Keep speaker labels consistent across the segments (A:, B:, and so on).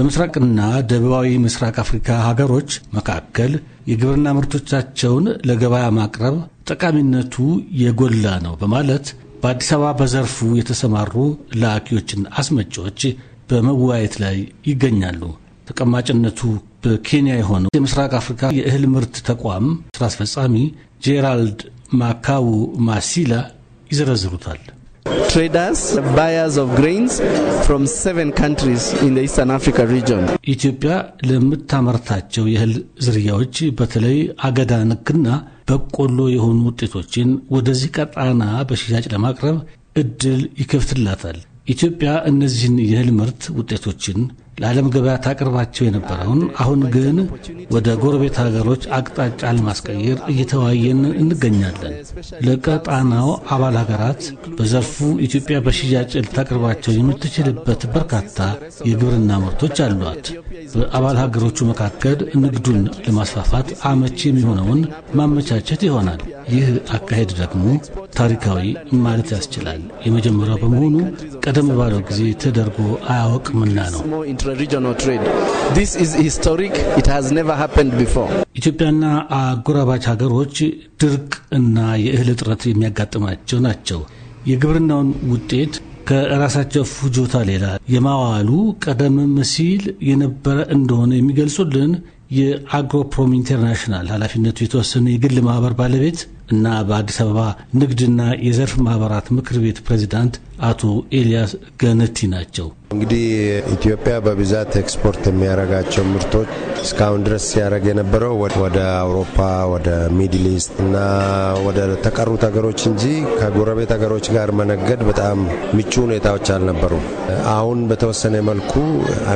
A: በምስራቅና ደቡባዊ ምስራቅ አፍሪካ ሀገሮች መካከል የግብርና ምርቶቻቸውን ለገበያ ማቅረብ ጠቃሚነቱ የጎላ ነው በማለት በአዲስ አበባ በዘርፉ የተሰማሩ ላኪዎችና አስመጪዎች በመወያየት ላይ ይገኛሉ። ተቀማጭነቱ በኬንያ የሆነው የምስራቅ አፍሪካ የእህል ምርት ተቋም ስራ አስፈጻሚ ጄራልድ ማካው ማሲላ ይዘረዝሩታል።
B: traders, buyers of grains from seven countries in the Eastern Africa
A: region. ኢትዮጵያ ለምታመርታቸው የእህል ዝርያዎች በተለይ አገዳ ንክና በቆሎ የሆኑ ውጤቶችን ወደዚህ ቀጣና በሽያጭ ለማቅረብ እድል ይከፍትላታል። ኢትዮጵያ እነዚህን የእህል ምርት ውጤቶችን ለዓለም ገበያ ታቅርባቸው የነበረውን አሁን ግን ወደ ጎረቤት ሀገሮች አቅጣጫ ለማስቀየር እየተወያየን እንገኛለን። ለቀጣናው አባል ሀገራት በዘርፉ ኢትዮጵያ በሽያጭ ልታቅርባቸው የምትችልበት በርካታ የግብርና ምርቶች አሏት። በአባል ሀገሮቹ መካከል ንግዱን ለማስፋፋት አመቺ የሚሆነውን ማመቻቸት ይሆናል። ይህ አካሄድ ደግሞ ታሪካዊ ማለት ያስችላል። የመጀመሪያው በመሆኑ ቀደም ባለው ጊዜ ተደርጎ አያወቅምና ነው።
B: intra-regional trade. This is historic. It has never happened before.
A: ኢትዮጵያና አጎራባች ሀገሮች ድርቅ እና የእህል እጥረት የሚያጋጥማቸው ናቸው። የግብርናውን ውጤት ከራሳቸው ፍጆታ ሌላ የማዋሉ ቀደም ሲል የነበረ እንደሆነ የሚገልጹልን የአግሮፕሮም ኢንተርናሽናል ኃላፊነቱ የተወሰነ የግል ማህበር ባለቤት እና በአዲስ አበባ ንግድና የዘርፍ ማህበራት ምክር ቤት ፕሬዚዳንት አቶ ኤልያስ ገነቲ ናቸው።
B: እንግዲህ ኢትዮጵያ በብዛት ኤክስፖርት የሚያደርጋቸው ምርቶች እስካሁን ድረስ ሲያደርግ የነበረው ወደ አውሮፓ፣ ወደ ሚድል ኢስት እና ወደ ተቀሩት ሀገሮች እንጂ ከጎረቤት ሀገሮች ጋር መነገድ በጣም ምቹ ሁኔታዎች አልነበሩም። አሁን በተወሰነ መልኩ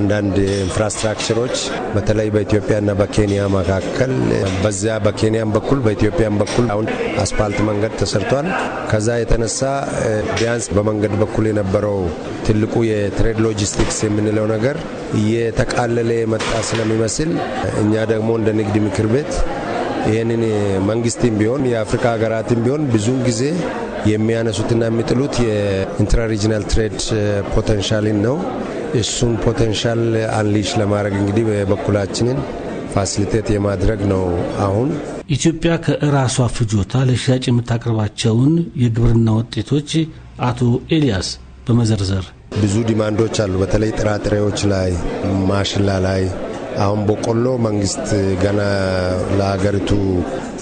B: አንዳንድ ኢንፍራስትራክቸሮች በተለይ በኢትዮጵያና በኬንያ መካከል በዚያ በኬንያም በኩል በኢትዮጵያም በኩል አሁን አስፓልት መንገድ ተሰርቷል። ከዛ የተነሳ ቢያንስ በመንገድ በኩል የነበረው ትልቁ የትሬድ ሎጂስቲክስ የምንለው ነገር እየተቃለለ የመጣ ስለሚመስል እኛ ደግሞ እንደ ንግድ ምክር ቤት ይህንን መንግስትም ቢሆን የአፍሪካ ሀገራትም ቢሆን ብዙውን ጊዜ የሚያነሱትና የሚጥሉት የኢንትራሪጅናል ትሬድ ፖቴንሻልን ነው። እሱን ፖቴንሻል አንሊሽ ለማድረግ እንግዲህ በበኩላችንን ፋሲሊቴት የማድረግ ነው። አሁን
A: ኢትዮጵያ ከራሷ ፍጆታ ለሽያጭ የምታቀርባቸውን የግብርና ውጤቶች አቶ ኤልያስ በመዘርዘር
B: ብዙ ዲማንዶች አሉ። በተለይ ጥራጥሬዎች ላይ፣ ማሽላ ላይ አሁን በቆሎ መንግስት ገና ለሀገሪቱ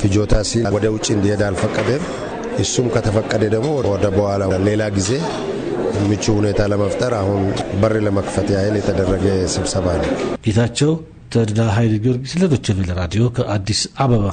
B: ፍጆታ ሲል ወደ ውጭ እንዲሄድ አልፈቀደም። እሱም ከተፈቀደ ደግሞ ወደ በኋላ ሌላ ጊዜ ምቹ ሁኔታ ለመፍጠር አሁን በር ለመክፈት ያህል የተደረገ ስብሰባ ነው።
A: ጌታቸው ተድላ ኃይለ ጊዮርጊስ ለዶቸቬለ ራዲዮ ከአዲስ አበባ